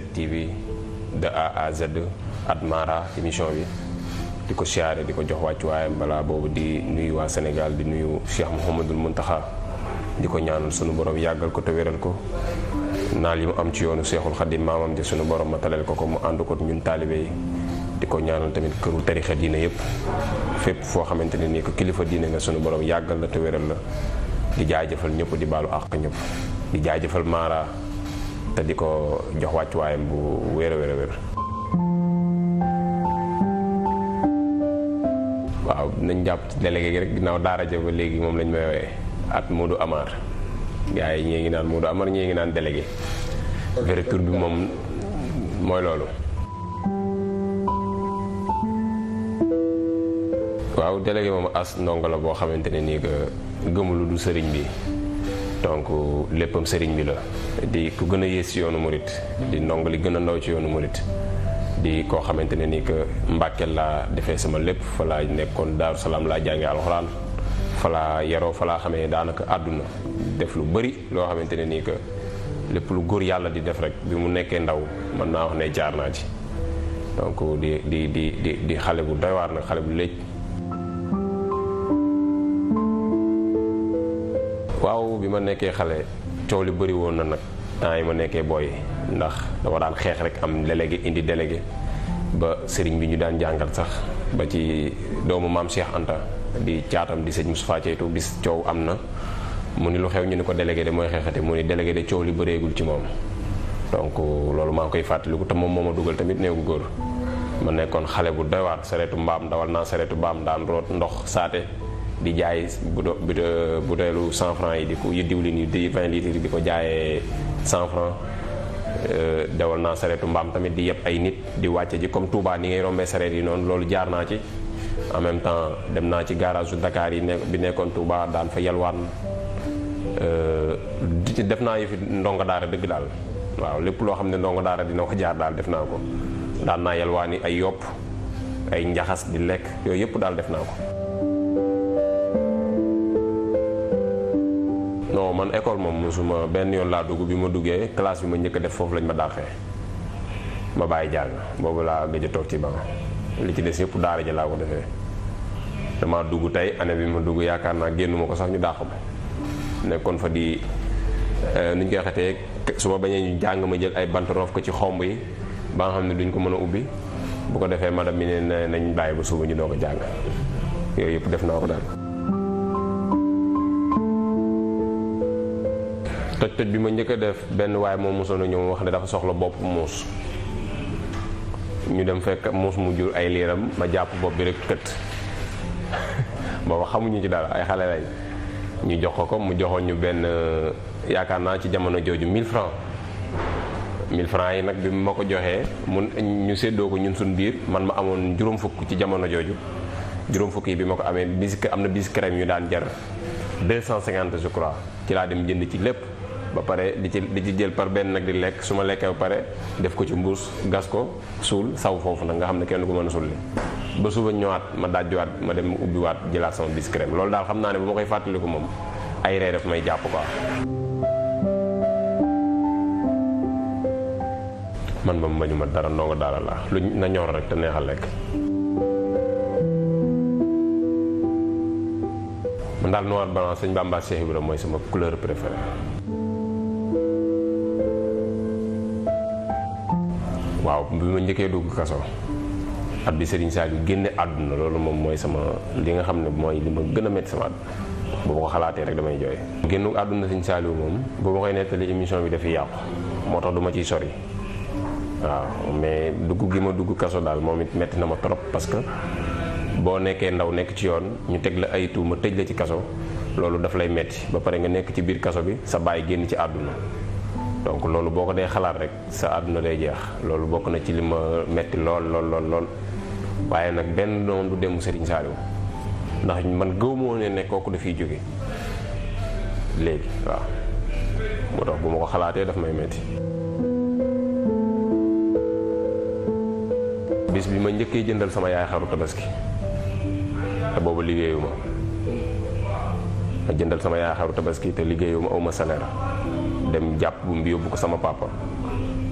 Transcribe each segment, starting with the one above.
7TV de A à Z at Mara émission bi di ko siyaare di ko jox wàccuwaayam balaa boobu di nuyu waa Sénégal di nuyu Cheikh mun taxa di ko ñaanal sunu borom yàggal ko te ko naal li mu am ci yoonu Seexul Xadim maamam di sunu borom ma talal ko ko mu ànd ko ñun taalibe di ko ñaanal tamit këru tarixa diine yëpp fépp foo xamante ne nii ko kilifa diine nga sunu borom yàggal la te la di jaajëfal ñëpp di baalu àq ñëpp di jaajëfal Mara. di ko jox wàccuwaayam bu wéer a wéer waaw nañ jàpp ci gi rek ginnaaw daara ja ba léegi moom lañ may woowee at du Amar gars yi ñii ngi naan Modou Amar ñii ngi naan délégué vrai bi moom mooy loolu waaw délégué moom as ndongo la boo xamante ne nii gëmulu du sëriñ bi donc léppam sëriñ bi la di ku gën a yées ci yoonu murit di ndongo li gën a ndaw ci yoonu murit di koo xamante ne nii que Mbàkke laa defee sama lépp fa laa nekkoon Daaru Salaam laa jàngee alxuraan fa laa yaroo fa laa xamee daanaka àdduna def lu bëri loo xamante ne nii que lépp lu góor yàlla di def rek bi mu nekkee ndaw mën naa wax ne jaar naa ci donc di di di di di xale bu doy nag xale bu léej bi ma nekkee xale coow li bëri woon na nag temps yi ma nekkee booy ndax dama daan xeex rek am délégué indi délégué ba sëriñ bi ñu daan jàngal sax ba ci doomu maam Cheikh Anta di caatam di sëñ Moustapha Ceytu bis coow am na mu ni lu xew ñu ni ko délégué de mooy xeexate mu ni délégué de coow li bëreegul ci moom donc loolu maa ngi koy fàttaliku te moom moo ma dugal tamit néegu góor ma nekkoon xale bu doy waar mbaam dawal naa saretu mbaam daan root ndox saate di jaay bu do bu deelu cent franc yi di ko yu diwlin yi di vingt litres yi di ko jaaye cent franc euh, dewal naa sareetu mbaam tamit di yëpp ay nit di wàcce ji comme Touba ni ngay rombee sareet yi noonu loolu jaar naa ci en même temps dem naa ci garage su Dakar yi bi nekkoon Touba daan fa yalwaan euh, di def naa yëfi ndongo daara dëgg daal waaw lépp loo xam ne ndongo daara dina ko jaar daal def naa ko daan naa yalwaani ay yopp ay njaxas di lekk yooyu yëpp daal def naa ko non man école moom mosuma benn yoon laa dugg bi ma duggee classe bi ma njëkk a def foofu lañ ma dàqee ma bàyyi jàng boobu laa gëj a toog ci banc li ci des yëpp daara ja laa ko defee damaa dugg tey année bi ma dugg yaakaar naa génn ma ko sax ñu dàq ma nekkoon fa di euh, nuñ koy xetee su ma bañee ñu jàng ma jël ay bant roof ko ci xomb yi baa nga xam ne duñ ko mën a ubbi bu ko defee madam mi ne nañ bàyyi ba suuba ñu doog ko jàng yooyu yëpp def naa ko daal toj toj bi ma njëkk a def benn waaye moo mosoon a ñëw wax ne dafa soxla bopp muus ñu dem fekk muus mu jur ay liiram ma jàpp bopp bi rek kët booba xamuñu ci dara ay xale ñu jox ko ko mu joxoon ñu benn euh, yaakaar naa ci jamono jooju 1000 francs 1000 francs yi nag bi ma ko joxee mun ñu séddoo ko ñun suñ biir man ma amoon juróom fukk ci jamono jooju juróom fukk yi bi ma ko amee bis am na bis crème ñu daan jar 250 je crois ci laa dem jënd ci lépp ba pare di ci di ci jël par benn nag di lekk su ma lekkee ba pare def ko ci mbuus gas ko suul saw foofu nag nga xam ne kenn ko mën a sulli ba suba ñëwaat ma dajjuwaat ma dem ubbiwaat jëlaat sama biscrème loolu daal xam naa ne bu ma koy fàttaliku moom ay ree may jàpp quoi. moom bañu ma dara ndongo daara la lu na ñor rek te neexal lekk. man daal noir blanc sëñ Bamba Cheikh Ibra mooy sama couleur préférée. waaw bi ma njëkkee dugg kaso at bi Serigne Saliou génne àdduna loolu moom mooy sama li nga xam ne mooy li ma gën a metti sama at bu ma ko xalaatee rek damay jooy. génn àdduna Serigne Saliou moom bu ma koy nettali émission bi dafiy yàqu moo tax du ma ciy sori waaw mais dugg gi ma dugg kaso daal moom it métti na ma trop parce que boo nekkee ndaw nekk ci yoon ñu teg la ay ma tëj la ci kaso loolu daf lay metti ba pare nga nekk ci biir kaso bi sa baay génn ci àdduna. donc loolu boo ko dee xalaat rek sa àdduna day jeex loolu bokk na ci li ma metti lool lool lool lool waaye nag benn doon du dem Serigne Saliou ndax man gëwmoo ne ne kooku dafiy jóge léegi waaw moo tax bu ma ko xalaatee daf may metti bis bi ma njëkkee jëndal sama yaay xaru tabaski te boobu liggéeyuma ma jëndal sama yaay xaru tabaski te liggéeyuma awma salaire dem jàpp bu yóbbu ko sama papa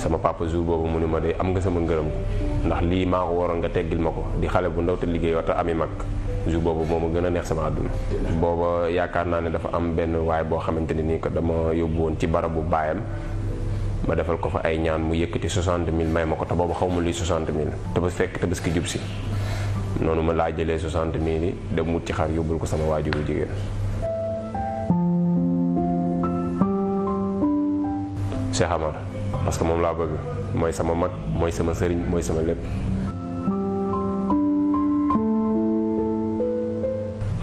sama papa jour boobu mu ni ma de am nga sama ngërëm ndax lii maa ko waroon nga teggil ma ko di xale bu ndaw te liggéey wata ami mag jour boobu moo ma gën a neex sama àdduna booba yaakaar naa ne dafa am benn waaye boo xamante ne nii ko dama yóbbu woon ci bu baayam ma defal ko fa ay ñaan mu yëkkati 60 000 may ma ko te boobu xaw ma luy 60 000 te ba fekk te ki jub si noonu ma laa jëlee 60 000 yi dem wut ci xar yóbbul ko sama waajuru jigéen Cheikh Amar parce que moom laa bëgg mooy sama mag mooy sama sëriñ mooy sama lépp.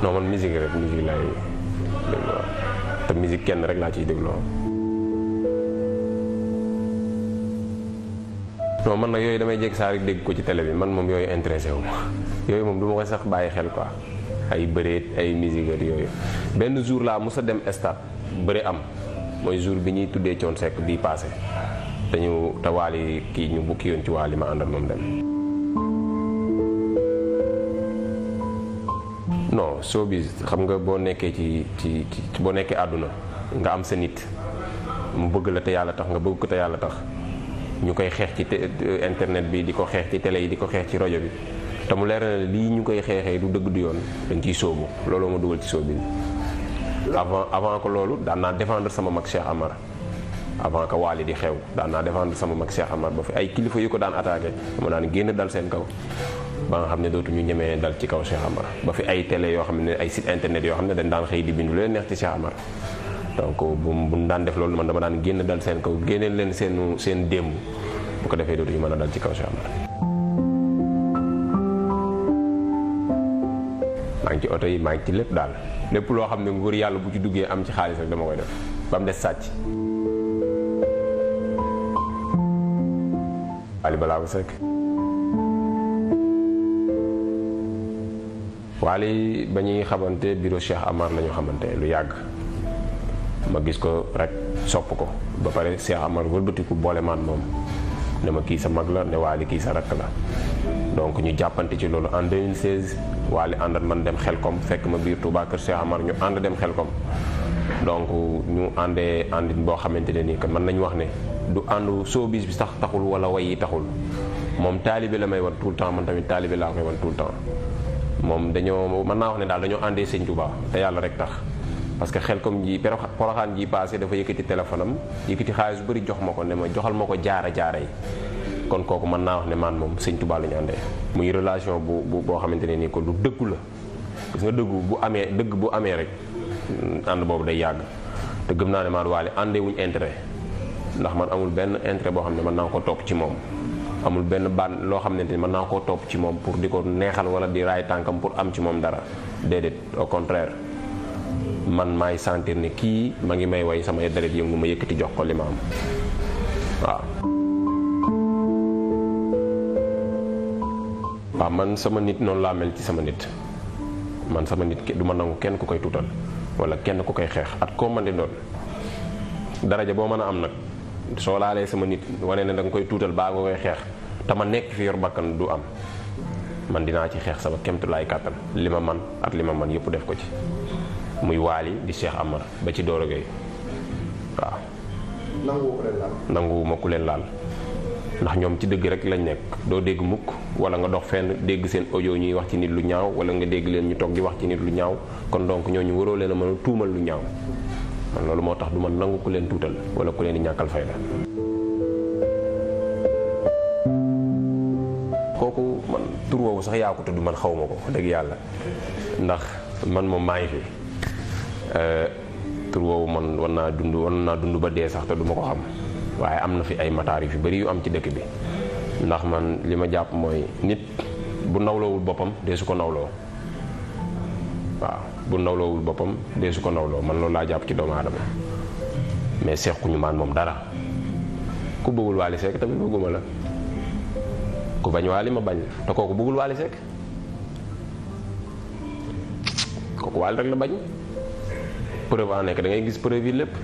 non man musique rek musique laay dégloo te musique kenn rek laa ciy dégloo. non man nag yooyu damay jekk saa rek dégg ko ci télé bi man moom yooyu intéressé wu ma yooyu moom du ma koy sax bàyyi xel quoi ay bëreet ay musique yooyu benn jour laa mos a dem stade bëre am. mooy jour bi ñuy tuddee coon sekk bii passé dañu te waali kii ñu bukki yoon ci waali ma àndal moom dem no soo xam nga boo nekkee ci ci ci boo nekkee àdduna nga am sa nit mu bëgg la te yàlla tax nga bëgg ko te yàlla tax ñu koy xeex ci internet bi di ko xeex ci télé yi di ko xeex ci rajo bi te mu leer na lii ñu koy xeexee du dëgg du yoon dañ ciy sóobu looloo ma dugal ci sóobi bi avant avant que loolu daan naa défendre sama mag Cheikh Amar avant que waali di xew daan naa défendre sama mag Cheikh Amar ba fi ay kilifa yu ko daan attaqué dama daan génn dal seen kaw ba nga xam ne dootuñu ñemee dal ci kaw Cheikh Amar ba fi ay tele yoo xam ne ay site internet yoo xam ne dañ daan xëy di bindu leen neex ci Cheikh Amar donc bu mu daan def loolu man dama daan génn dal seen kaw génneel leen seen seen démb bu ko defee ñu mën a dal ci kaw Cheikh Amar ngi ci oto yi maa ngi lépp daal lépp loo xam ne nguur yàlla bu ci duggee am ci xaalis rek dama koy def ba mu des sàcc. Wally Ballago Seck. Wally ba ñuy xamante bureau Cheikh Amar la ñu xamante lu yàgg ma gis ko rek sopp ko ba pare Cheikh Amar wëlbatiku boole maat moom ne kii sa mag la ne Wally kii sa rakk la donc ñu jàppante ci loolu en waali àndal man dem xel xelkom fekk ma biir Touba Kër Cheikh Amar ñu ànd dem xelkom donc ñu àndee àndit boo xamante ne nii que mën nañu wax ne du àndu showbiz bi sax taxul wala way yi taxul moom taalibe la may wan tout le temps man tamit taalibe laa koy wan tout le temps moom dañoo mën naa wax ne daal dañoo àndee sëñ Touba te yàlla rek tax parce que xelkom ji poroxaan ji passé dafa yëkkati téléphone am yëkkati xaalis bu bëri jox ma ko ne ma joxal ma ko jaara jaara yi kon kooku mën naa wax ne man moom sëñ Tuubaa ñu àndee muy relation bu bu boo xamante ne nii ko lu dëggu la gis nga dëggu bu amee dëgg bu amee rek ànd boobu day yàgg te gëm naa ne man waale àndee wuñ intérêt ndax man amul benn intérêt boo xam ne mën naa ko topp ci moom amul benn baan loo xam ne mën naa koo topp ci moom pour di ko neexal wala di raay tànkam pour am ci moom dara déedéet au contraire man maay sentir ne kii ma ngi may way samay deret yëngu ma yëkkati jox ko li ma am waaw man sama nit noonu laa mel ci sama nit man sama nit du ma nangu kenn ku koy tuutal wala kenn ku koy xeex at koo man di doon daraja boo man a am nag soo laalee sama nit wane na da koy tuutal baa nga koy xeex te ma nekk fi yor bakkan du am man dinaa ci xeex sama kemtulaay kàttan li ma man at li ma man yépp def ko ci muy waali di Cheikh Amar ba ci Doro Gueye waaw nanguwu ku leen laal ndax ñoom ci dëgg rek lañ nekk doo dégg mukk wala nga dox fenn dégg seen ojo ñuy wax ci nit lu ñaaw wala nga dégg leen ñu toog di wax ci nit lu ñaaw kon donc ñu waroo leen a mën tuumal lu ñaaw moo tax du ma nangu ku leen tuutal wala ku leen di ñàkkal fayda kooku man tur woowu sax yaa ko tudd man xaw ma ko dëgg yàlla ndax man moom maa ngi fi euh, tur woowu man war naa dund war naa dund ba dee sax te du ma ko xam waaye am na fi ay mataarif yu bari yu am ci dëkk bi ndax man li ma jàpp mooy nit bu nawloowul boppam dee su ko nawloo waaw bu nawloowul boppam dee su ko nawloo man loolu laa jàpp ci doomu aadama mais seexuñu maan moom dara ku bëggul waali sekk tamit bëgguma la ku bañ waali ma bañ la te kooku bëggul waali sekk kooku waali rek la bañ preuve en nekk da ngay gis preuve yi lépp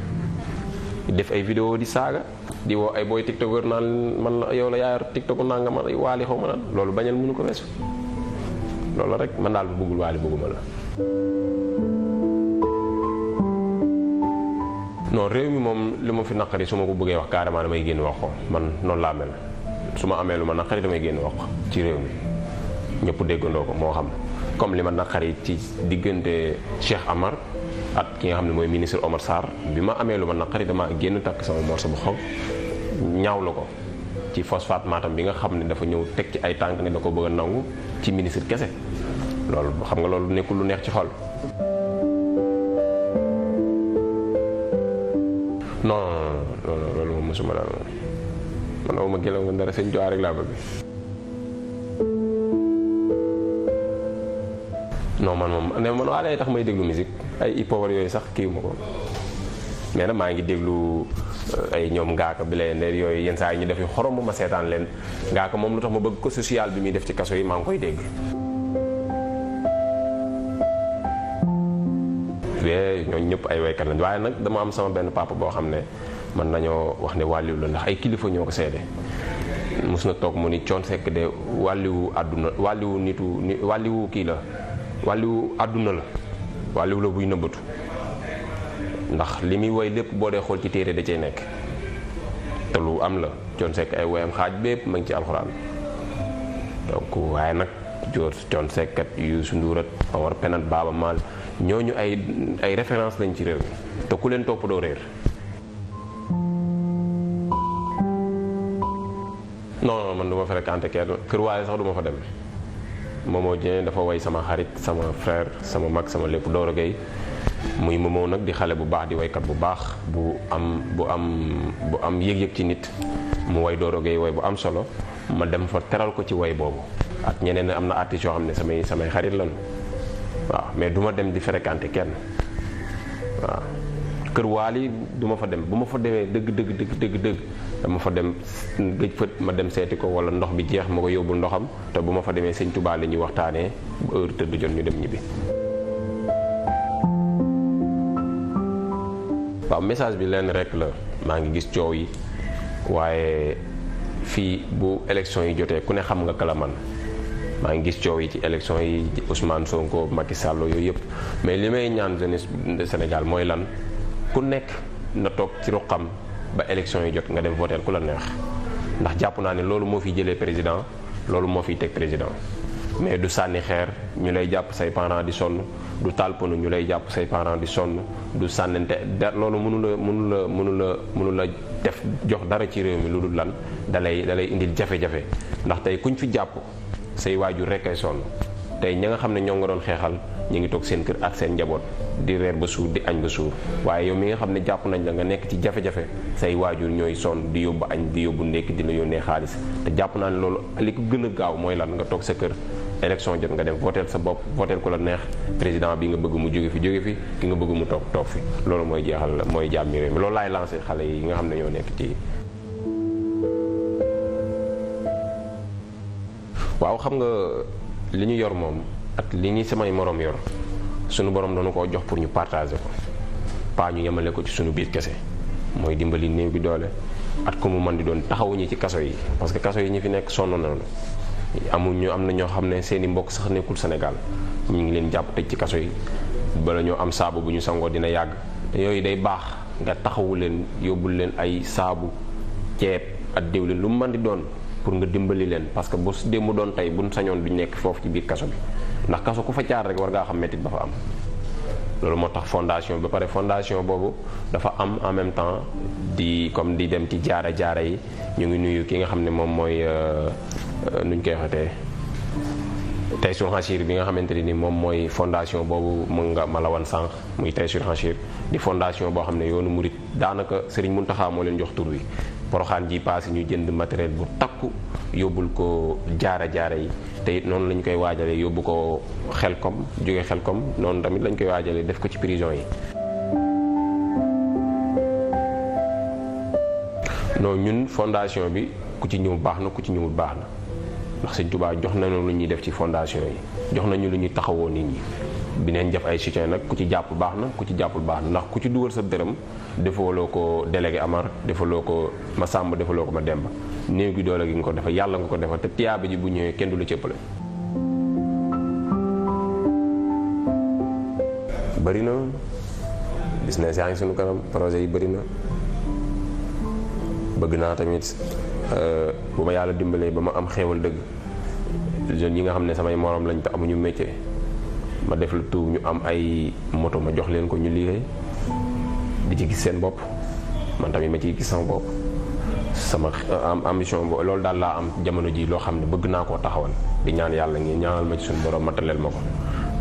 def ay vidéo di saaga di woo ay booy tiktokeur naan man la yow la yaayar tiktoku naa nga ma waali xaw ma naan loolu bañal mënu ko weesu loolu rek man daal bu bëggul waali bëgguma la non réew mi moom li ma fi naqari su ma ko bëggee wax carrément damay génn wax ko man noonu laa mel su ma amee lu ma naqari damay génn wax ci réew mi ñëpp déggandoo ko moo xam comme li ma naqari ci diggante Cheikh Amar at ki nga xam ne mooy ministre Omar Sarr bi ma amee lu ma naqari dama génn takk sama morso bu xonq la ko ci phosphate Matam bi nga xam ne dafa ñëw teg ci ay tànk ne da ko bëgg a nangu ci ministre kese loolu xam nga loolu nekkul lu neex ci xol. non non non loolu moom man ma gëlëm dara sëñ Tuubaa rek laa bëgg. non man moom ne man tax may déglu musique ay hip-hop yooyu sax kii ma ko mais nag maa ngi déglu eh, ay ñoom ngaaka bi la leen yooyu yenn saa yi ñu def yu xorom mu ma seetaan leen ngaaka moom lu tax ma bëgg ko social bi muy def ci kaso yi maa ngi koy dégg. we ñooñu ñëpp ay waykat lañ waaye nag dama am sama benn papa boo xam ne mën nañoo wax ne wàlliw la ndax ay kilifa ñoo ko seede mos na toog mu ni coon sekk de wàlliwu àdduna wàlliwu nitu wàlliwu kii la wàlliwu àdduna la waa liw la buy nëbbatu ndax li muy woy lépp boo dee xool ci téere da cay nekk te lu am la Thione Seck ay woyam xaaj bépp ma ngi ci alxuraan donc waaye nag joor Thione Seck kat Youssou Ndour ak Baaba Maal ñooñu ay ay référence lañ ci réew mi te ku leen topp doo réer non man du ma fréquenté kenn kër waale sax du ma fa dem Momo Dieng dafa woy sama xarit sama frère sama mag sama lépp Doro Gueye muy Momo nag di xale bu baax di waykat bu baax bu am bu am bu am yëg-yëg ci nit mu woy Doro Gueye way bu am solo ma dem fa teral ko ci way boobu ak ñeneen am na artistes yoo xam ne samay samay xarit lañu waaw mais du ma dem di fréquenter kenn waaw kër Waali du ma fa dem bu ma fa demee dëgg dëgg dëgg dëgg dama fa dem gëj fët ma dem seeti ko wala ndox bi jeex ma ko yóbbul ndoxam te bu ma fa demee sëñ Tuubaa la ñuy waxtaanee ba heure tëdd jot ñu dem ñibbi. waaw message bi leen rek la maa ngi gis coow yi waaye fii bu élection yi jotee ku ne xam nga kalaman maa ngi gis coow yi ci élection yi Ousmane Sonko Macky Sall yooyu yëpp mais li may ñaan jeunesse Sénégal mooy lan ku nekk na toog ci ruqam ba élection yi jot nga dem voter ku la neex ndax jàpp naa ne loolu moo fi jëlee président loolu moo fiy teg président mais du sànni xeer ñu lay jàpp say parents di sonn du taal ñu lay jàpp say parents di sonn du sànnante da loolu mënu la mënu la mënu la mënu def jox dara ci réew mi lu dul lan dalay dalay indil jafe-jafe ndax tey kuñ fi jàpp say waajur rek ay sonn tey ña nga xam ne ñoo nga doon xeexal ñu ngi toog seen kër ak seen njaboot di reer ba suur di añ ba suur waaye yow mi nga xam ne jàpp nañ la nga nekk ci jafe-jafe say waajur ñooy sonn di yóbbu añ di yóbbu ndekki dina yónnee xaalis te jàpp naa ne loolu li ko gën a gaaw mooy lan nga toog sa kër élection jot nga dem voteel sa bopp voteel ku la neex président bi nga bëgg mu jóge fi jóge fi nga bëgg mu toog toog fi loolu mooy jeexal mooy jàmmi réew mi loolu laay lancé xale yi nga xam ne ñoo nekk ci waaw xam nga li ñu yor moom ak li ñu samay moroom yor sunu borom dañu ko jox pour ñu partager ko pas ñu yemale ko ci suñu biir kese mooy dimbali néew bi doole at ko mu mën di doon taxawuñu ci kaso yi parce que kaso yi ñu fi nekk sonn nañu amuñu am na ñoo xam ne seeni mbokk sax nekkul senegal ñu ngi leen jàpp tëj ci kaso yi bala ñoo am saabu bu ñu sangoo dina yàgg te yooyu day baax nga taxawu leen yóbbul leen ay saabu ceeb ak diwlin lu mu mën di doon pour nga dimbali leen parce que bu démb doon tey buñ sañoon duñ nekk foofu ci biir kaso bi ndax kaso ku fa caar rek war ngaa xam métit ba fa am loolu moo tax fondation ba pare fondation boobu dafa am en même temps di comme di dem ci jaara jaara yi ñu ngi nuyu ki nga xam ne moom mooy euh, euh, nuñ koy waxatee tey sur Hachir bi nga xamante ne ni moom mooy fondation boobu mu nga ma la wan sànq muy tey sur Hachir di fondation boo xam ne yoonu murit daanaka Serigne Mountakha moo leen jox tur wi poroxaan ji paase ñu jënd matériel bu takku yóbbul ko jaara jaara yi te noonu lañ koy waajalee yóbbu ko xel kom jóge xel xelkom noonu tamit lañ koy waajalee def ko ci prison yi. non ñun fondation bi ku ci ñëw baax na ku ci ñëwul baax na ndax Sëñ Tuubaa jox nañu lu ñuy def ci fondation yi jox nañu lu ñuy taxawoo nit ñi. dinañ def ay soutien nag ku ci jàpp baax na ku ci jàppul baax na ndax ku ci dugal sa dërëm defaloo ko délégué Amar defaloo ko ma Sàmb defaloo ko ma Demba néew gi doole gi nga ko defa yàlla nga ko defa te tiyaaba ji bu ñëwee kenn du la cëppale bëri na business yaa suñu kanam projet yi bëri na bëgg naa tamit euh, bu ma yàlla dimbalee ba ma am xéewal dëgg jeunes yi nga xam ne samay morom lañ te amuñu métier ma def lu tout ñu am ay moto ma jox leen ko ñu liggéey di ci gis seen bopp man tamit ma ciy gis sama bopp sama euh, ambition bo loolu daal laa am jamono ji loo xam ne bëgg naa koo taxawal di ñaan yàlla ngi ñaanal ma ci suñu borom mataleel ma ko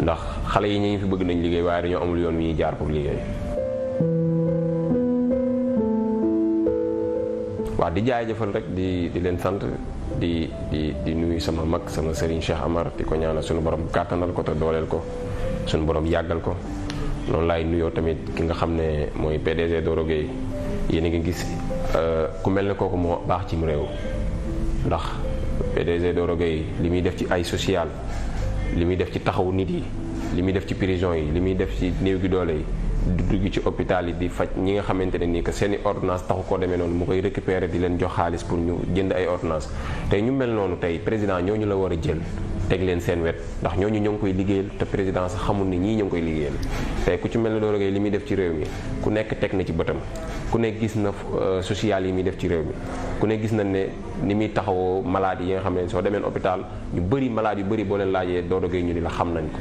ndax xale yi ñu fi bëgg nañ liggéey waaye dañoo amul yoon wi ñuy jaar pour liggéey waaw di jaajëfal rek di di leen sant di di di nuyu sama mag sama sëriñ Cheikh Amar di ko ñaanal suñu borom kàttanal ko te dooleel ko sunu borom yàggal ko noonu laay nuyoo tamit ki nga xam ne mooy PDG Doro Gueye yéen a ngi gis euh, ku mel ne kooku moo baax ci mu réew ndax PDG Doro Gueye li muy def ci ay social li muy def ci taxawu nit yi li muy def ci prison yi li muy def ci néew gi doole yi di dugg ci hôpital yi di faj ñi nga xamante ne nii que seen i ordonnance taxu koo demee noonu mu koy récupérer di leen jox xaalis pour ñu jënd ay ordonnance tey ñu mel noonu tey président ñooñu la war a jël teg leen seen wet ndax ñooñu ñoo ngi koy liggéeyal te président sax xamul ñii ñoo ngi koy liggéeyal tey ku ci mel ne Doro Gaye li muy def ci réew mi ku nekk teg na ci bëtam ku nekk gis na euh, social yi muy def ci réew mi ku ne gis na ne ni muy taxawoo malade yi nga xam ne soo demee hôpital ñu bëri malade yu bëri boo leen laajee Doro ñu ni la xam nañ ko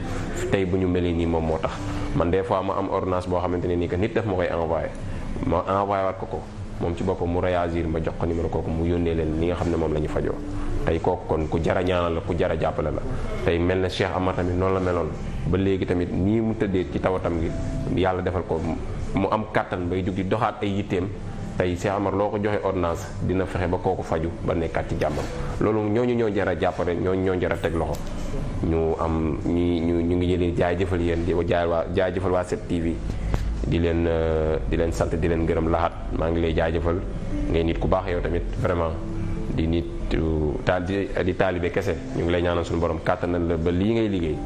tey bu ñu mel nii moom moo tax man des fois ma am ordonnance boo xamante ne nii que nit daf ma koy envoyé ma envoyé waat ko ko moom ci boppam mu réagir ma jox ko numéro kooku mu yónnee leen li nga xam ne moom la ñu fajoo tey kooku kon ku jara ñaanal la ku jara jàppale la tey mel na Cheikh Amar tamit noonu la meloon ba léegi tamit nii mu tëddee ci tawatam gi yàlla defal ko mu am kàttan bay jug di doxaat ay yitteem tey Cheikh Amar loo ko joxe ordonnance dina fexe ba kooku faju ba nekkaat ci jàmmam loolu ñooñu ñoo jara jàppale ñooñu ñoo jara teg loxo jëfal yéen di jaay waa jaajëfal waa 7TV di leen euh, di leen sant di leen gërëm laxaat maa ngi lay jaajëfal ngay nit ku baax yow tamit vraiment di nit euh, taal kese ñu ngi lay ñaanal suñu borom kàttanal la ba lii ngay liggéey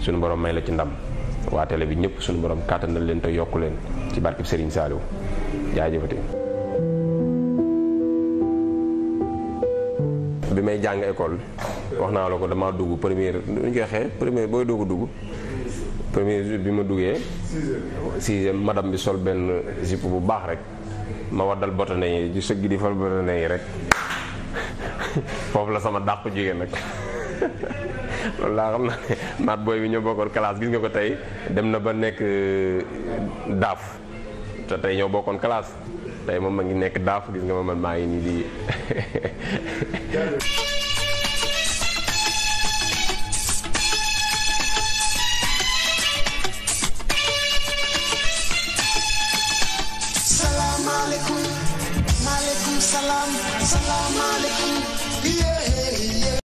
suñu borom may la ci ndam waa télé bi ñëpp suñu borom kàttanal leen te yokku leen ci barkeb Serigne Saliou jaajëfate bi may jàng école wax naa la ko damaa dugg première nu ñu koy waxee première booy dugg dugg premier jour bi ma duggee. sixième madame bi sol benn jupe bu baax rek ma waddal botane yi ju sëgg di fal na yi rek foofu la sama dàq jigéen nag loolu laa xam ne naat booy bi ñoo bokkoon classe gis nga ko tey dem na ba nekk euh, daaf te tey ñoo bokkoon kalaas tey moom ma ngi nekk daaf gis nga ma man maa ngi nii di.